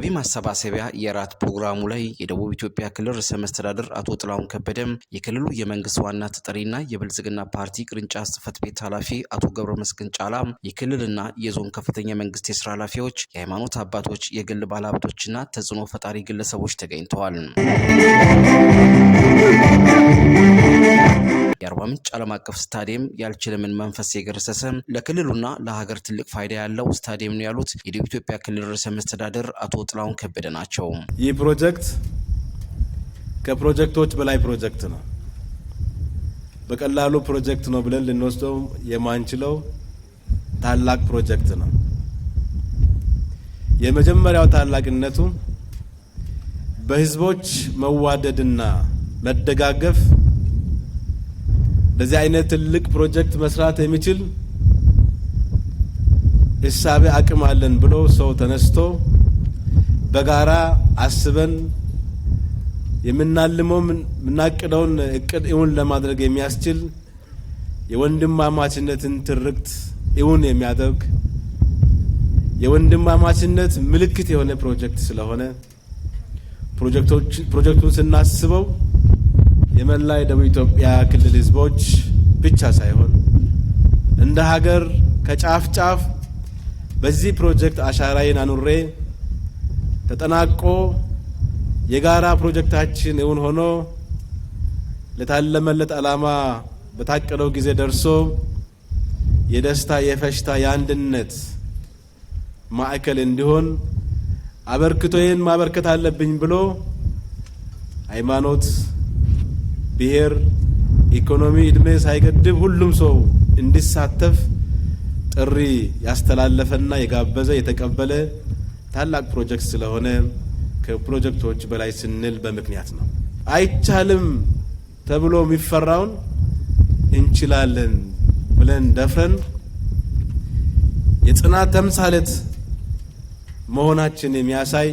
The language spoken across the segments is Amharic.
በገቢ ማሰባሰቢያ የራት ፕሮግራሙ ላይ የደቡብ ኢትዮጵያ ክልል ርዕሰ መስተዳድር አቶ ጥላሁን ከበደም የክልሉ የመንግስት ዋና ተጠሪና የብልጽግና ፓርቲ ቅርንጫፍ ጽህፈት ቤት ኃላፊ አቶ ገብረ መስገን ጫላ፣ የክልልና የዞን ከፍተኛ መንግስት የስራ ኃላፊዎች፣ የሃይማኖት አባቶች፣ የግል ባለሀብቶችና ተጽዕኖ ፈጣሪ ግለሰቦች ተገኝተዋል። ምንጭ ዓለም አቀፍ ስታዲየም ያልችልምን መንፈስ የገረሰሰ ለክልሉና ለሀገር ትልቅ ፋይዳ ያለው ስታዲየም ነው ያሉት የደቡብ ኢትዮጵያ ክልል ርዕሰ መስተዳደር አቶ ጥላሁን ከበደ ናቸው። ይህ ፕሮጀክት ከፕሮጀክቶች በላይ ፕሮጀክት ነው። በቀላሉ ፕሮጀክት ነው ብለን ልንወስደው የማንችለው ታላቅ ፕሮጀክት ነው። የመጀመሪያው ታላቅነቱ በህዝቦች መዋደድና መደጋገፍ እንደዚህ አይነት ትልቅ ፕሮጀክት መስራት የሚችል እሳቤ አቅም አለን ብሎ ሰው ተነስቶ በጋራ አስበን የምናልመው የምናቅደውን እቅድ እውን ለማድረግ የሚያስችል የወንድማማችነትን ትርክት እውን የሚያደርግ የወንድማማችነት ምልክት የሆነ ፕሮጀክት ስለሆነ ፕሮጀክቱን ስናስበው የመላ የደቡብ ኢትዮጵያ ክልል ህዝቦች ብቻ ሳይሆን እንደ ሀገር ከጫፍ ጫፍ በዚህ ፕሮጀክት አሻራዬን አኑሬ ተጠናቆ የጋራ ፕሮጀክታችን እውን ሆኖ ለታለመለት ዓላማ በታቀደው ጊዜ ደርሶ የደስታ የፈሽታ የአንድነት ማዕከል እንዲሆን አበርክቶዬን ማበርከት አለብኝ ብሎ ሃይማኖት ብሔር፣ ኢኮኖሚ፣ እድሜ ሳይገድብ ሁሉም ሰው እንዲሳተፍ ጥሪ ያስተላለፈና የጋበዘ የተቀበለ ታላቅ ፕሮጀክት ስለሆነ ከፕሮጀክቶች በላይ ስንል በምክንያት ነው። አይቻልም ተብሎ የሚፈራውን እንችላለን ብለን ደፍረን የጽናት ተምሳሌት መሆናችን የሚያሳይ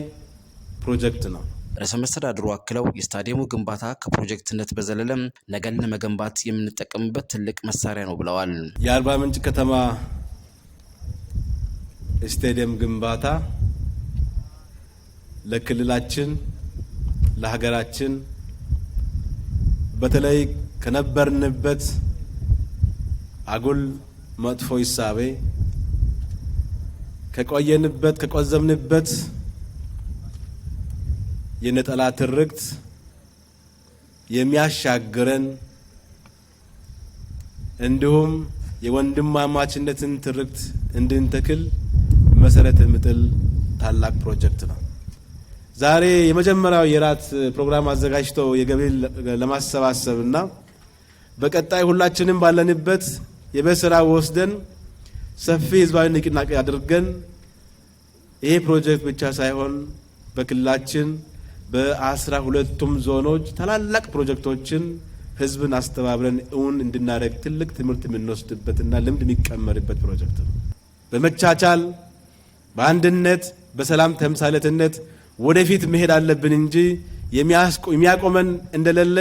ፕሮጀክት ነው። ርዕሰ መስተዳድሩ አክለው የስታዲየሙ ግንባታ ከፕሮጀክትነት በዘለለም ነገን ለመገንባት የምንጠቀምበት ትልቅ መሳሪያ ነው ብለዋል። የአርባ ምንጭ ከተማ ስታዲየም ግንባታ ለክልላችን፣ ለሀገራችን በተለይ ከነበርንበት አጉል መጥፎ ይሳቤ ከቆየንበት ከቆዘምንበት የነጠላ ትርክት የሚያሻግረን እንዲሁም የወንድማማችነትን ትርክት እንድንተክል መሰረት የምጥል ታላቅ ፕሮጀክት ነው። ዛሬ የመጀመሪያው የራት ፕሮግራም አዘጋጅቶ የገቢ ለማሰባሰብ እና በቀጣይ ሁላችንም ባለንበት የቤት ወስደን ሰፊ ህዝባዊ ንቅናቄ አድርገን ይሄ ፕሮጀክት ብቻ ሳይሆን በክልላችን በአስራ ሁለቱም ዞኖች ታላላቅ ፕሮጀክቶችን ህዝብን አስተባብረን እውን እንድናደርግ ትልቅ ትምህርት የምንወስድበትና ልምድ የሚቀመርበት ፕሮጀክት ነው። በመቻቻል በአንድነት በሰላም ተምሳሌትነት ወደፊት መሄድ አለብን እንጂ የሚያቆመን እንደሌለ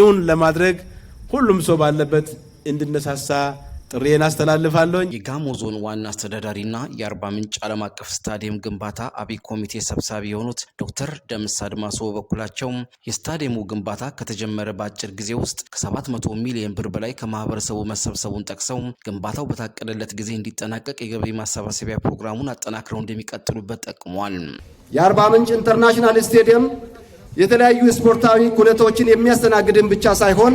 እውን ለማድረግ ሁሉም ሰው ባለበት እንድነሳሳ ጥሪዬን አስተላልፋለሁኝ። የጋሞ ዞን ዋና አስተዳዳሪና የአርባ ምንጭ ዓለም አቀፍ ስታዲየም ግንባታ አብይ ኮሚቴ ሰብሳቢ የሆኑት ዶክተር ደምስ አድማሶ በበኩላቸው የስታዲየሙ ግንባታ ከተጀመረ በአጭር ጊዜ ውስጥ ከ700 ሚሊዮን ብር በላይ ከማህበረሰቡ መሰብሰቡን ጠቅሰው ግንባታው በታቀደለት ጊዜ እንዲጠናቀቅ የገቢ ማሰባሰቢያ ፕሮግራሙን አጠናክረው እንደሚቀጥሉበት ጠቅሟል። የአርባ ምንጭ ኢንተርናሽናል ስታዲየም የተለያዩ ስፖርታዊ ኩነቶችን የሚያስተናግድን ብቻ ሳይሆን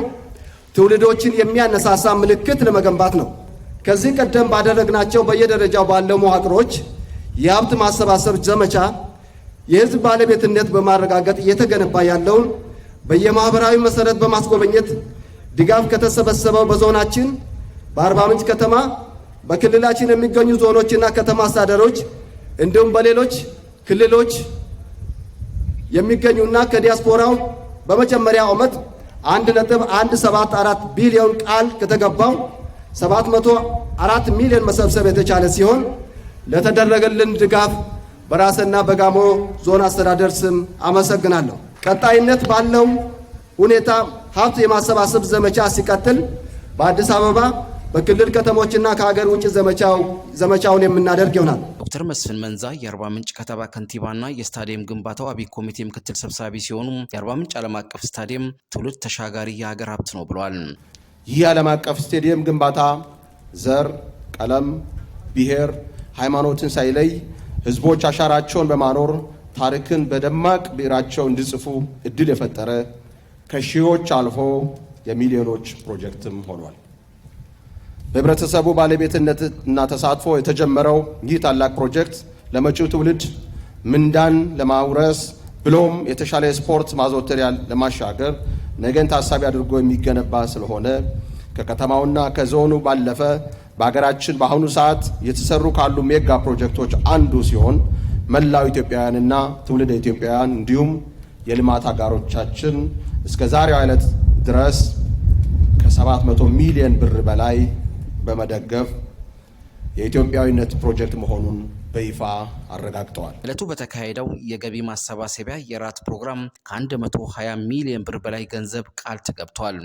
ትውልዶችን የሚያነሳሳ ምልክት ለመገንባት ነው። ከዚህ ቀደም ባደረግናቸው በየደረጃው ባለው መዋቅሮች የሀብት ማሰባሰብ ዘመቻ የህዝብ ባለቤትነት በማረጋገጥ እየተገነባ ያለውን በየማህበራዊ መሰረት በማስጎበኘት ድጋፍ ከተሰበሰበው በዞናችን በአርባ ምንጭ ከተማ በክልላችን የሚገኙ ዞኖችና ከተማ አስተዳደሮች እንዲሁም በሌሎች ክልሎች የሚገኙና ከዲያስፖራው በመጀመሪያው ዓመት አንድ ነጥብ አንድ ሰባት አራት ቢሊዮን ቃል ከተገባው ሰባት መቶ አራት ሚሊዮን መሰብሰብ የተቻለ ሲሆን ለተደረገልን ድጋፍ በራስና በጋሞ ዞን አስተዳደር ስም አመሰግናለሁ። ቀጣይነት ባለው ሁኔታ ሀብት የማሰባሰብ ዘመቻ ሲቀጥል በአዲስ አበባ በክልል ከተሞችና ከሀገር ውጭ ዘመቻው ዘመቻውን የምናደርግ ይሆናል። ዶክተር መስፍን መንዛ የአርባ ምንጭ ከተማ ከንቲባና የስታዲየም ግንባታው አብይ ኮሚቴ ምክትል ሰብሳቢ ሲሆኑ የአርባ ምንጭ ዓለም አቀፍ ስታዲየም ትውልድ ተሻጋሪ የሀገር ሀብት ነው ብሏል። ይህ ዓለም አቀፍ ስታዲየም ግንባታ ዘር፣ ቀለም፣ ብሔር፣ ሃይማኖትን ሳይለይ ህዝቦች አሻራቸውን በማኖር ታሪክን በደማቅ ብዕራቸው እንዲጽፉ እድል የፈጠረ ከሺዎች አልፎ የሚሊዮኖች ፕሮጀክትም ሆኗል። በህብረተሰቡ ባለቤትነት እና ተሳትፎ የተጀመረው ይህ ታላቅ ፕሮጀክት ለመጪው ትውልድ ምንዳን ለማውረስ ብሎም የተሻለ የስፖርት ማዘወተሪያ ለማሻገር ነገን ታሳቢ አድርጎ የሚገነባ ስለሆነ ከከተማውና ከዞኑ ባለፈ በሀገራችን በአሁኑ ሰዓት የተሰሩ ካሉ ሜጋ ፕሮጀክቶች አንዱ ሲሆን መላው ኢትዮጵያውያንና ትውልደ ኢትዮጵያውያን እንዲሁም የልማት አጋሮቻችን እስከ ዛሬው ዕለት ድረስ ከ700 ሚሊዮን ብር በላይ በመደገፍ የኢትዮጵያዊነት ፕሮጀክት መሆኑን በይፋ አረጋግጠዋል። እለቱ በተካሄደው የገቢ ማሰባሰቢያ የራት ፕሮግራም ከ120 ሚሊዮን ብር በላይ ገንዘብ ቃል ተገብቷል።